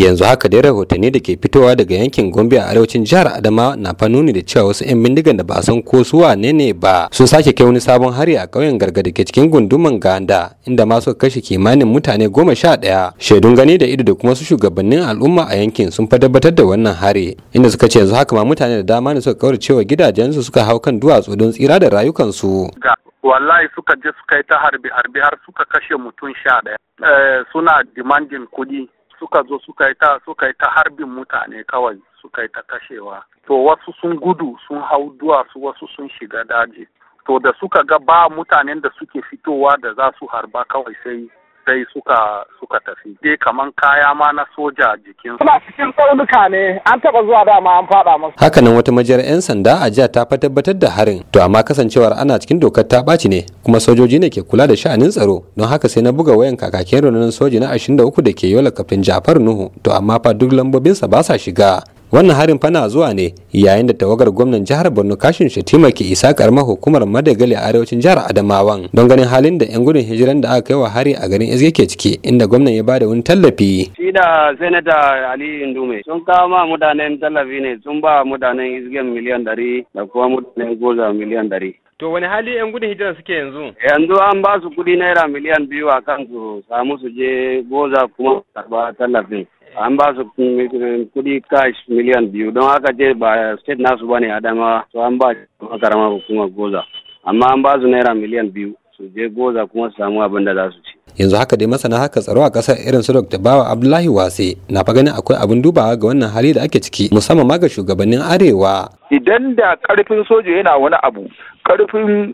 yanzu haka dai rahotanni da ke fitowa daga yankin gombe a arewacin jihar adama na fa nuni da cewa wasu 'yan bindigan da ba san ko su wane ne ba sun sake kai wani sabon hari a ƙauyen gargada ke cikin gunduman ganda inda ma suka kashe kimanin mutane goma sha ɗaya shaidun gani da ido da kuma su shugabannin al'umma a yankin sun fa tabbatar da wannan hari inda suka ce yanzu haka ma mutane da dama ne suka kaurace wa su suka hau kan duwatsu don tsira da rayukansu wallahi suka je suka yi ta harbi harbi har suka kashe mutum sha ɗaya eh, suna demanding kuɗi suka zo suka yi ta suka yi ta harbin mutane kawai suka yi ta kashewa to wasu sun gudu sun hau duwatsu wasu sun shiga daji to da suka ga ba mutanen da suke fitowa da za su harba kawai sai sai suka suka tafi dai kaman kaya ma na soja jikin suna cikin tsaunuka ne an taba zuwa dama an fada musu hakanan wata majiyar yan sanda a jiya ta tabbatar da harin to amma kasancewar ana cikin dokar ta ɓaci ne kuma sojoji ne ke kula da sha'anin tsaro don haka sai na buga wayan kakakin rundunar soji na 23 da ke yola kafin Jafar Nuhu to amma fa duk lambobinsa ba sa shiga wannan harin fana zuwa ne yayin da tawagar gwamnan jihar borno kashin shetima ke isa karamar hukumar madagali a arewacin jihar adamawan don ganin halin da yan gudun hijiran da aka kai wa hari a garin izge ke ciki inda gwamnan ya bada wani tallafi shi da senata ali indume sun kama tallafi ne sun ba mutanen izge miliyan dari da kuma mutanen goza miliyan dari To wani hali 'yan gudun hijira suke yanzu? Yanzu an ba su kudi naira miliyan biyu a kan su samu su je goza kuma karba tallafin. an ba su kuɗi cash miliyan biyu don haka ce ba state nasu bane adama to an ba karama kuma goza amma an ba su naira miliyan biyu su je goza kuma su samu abin da za su ci yanzu haka dai masana haka tsaro a kasar irin su Dr. Bawa Abdullahi Wase na fa ganin akwai abin dubawa ga wannan hali da ake ciki musamman ma ga shugabannin arewa idan da karfin soja yana wani abu karfin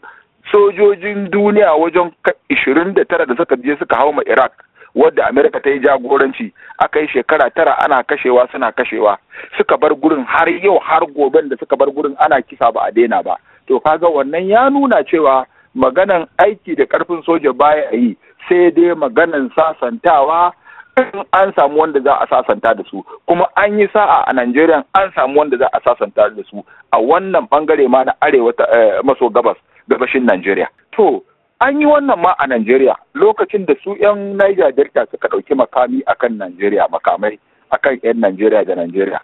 sojojin duniya wajen 29 da suka je suka hau ma Iraq wadda amerika ta yi jagoranci aka yi shekara tara ana kashewa suna kashewa suka bar gurin har yau har goben da suka bar gurin ana kisa ba a daina ba to kaga wannan ya nuna cewa maganan aiki da karfin soja baya a yi sai dai maganan sasantawa an samu wanda za a sasanta da su kuma an yi sa'a a Najeriya an samu wanda za a sasanta da su a wannan bangare ma na arewa eh, maso gabas gabashin Najeriya to an yi wannan ma a Najeriya lokacin da su 'yan Niger Delta suka ɗauki makami akan Najeriya makamai akan 'yan Najeriya da Najeriya.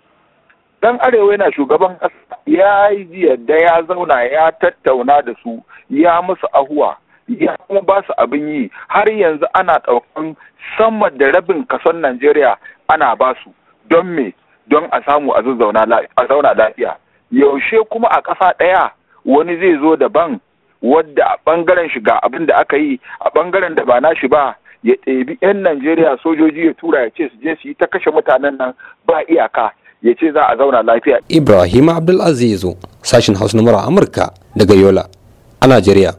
Dan Arewa yana shugaban ƙasa ya yi da ya zauna ya tattauna da su ya musu ahuwa ya kuma ba su abin yi har yanzu ana ɗaukan sama da rabin kason Najeriya ana ba su don me don a samu a zauna lafiya yaushe kuma a ƙasa ɗaya wani zai zo daban wadda a bangaren shi abin da aka yi a bangaren da ba shi ba ya ɗebi 'yan Najeriya sojoji ya tura ya ce su je su yi ta kashe mutanen nan ba iyaka ya ce za a zauna lafiya. Ibrahim Abdulaziz sashin Hausa na Amurka daga Yola a Najeriya.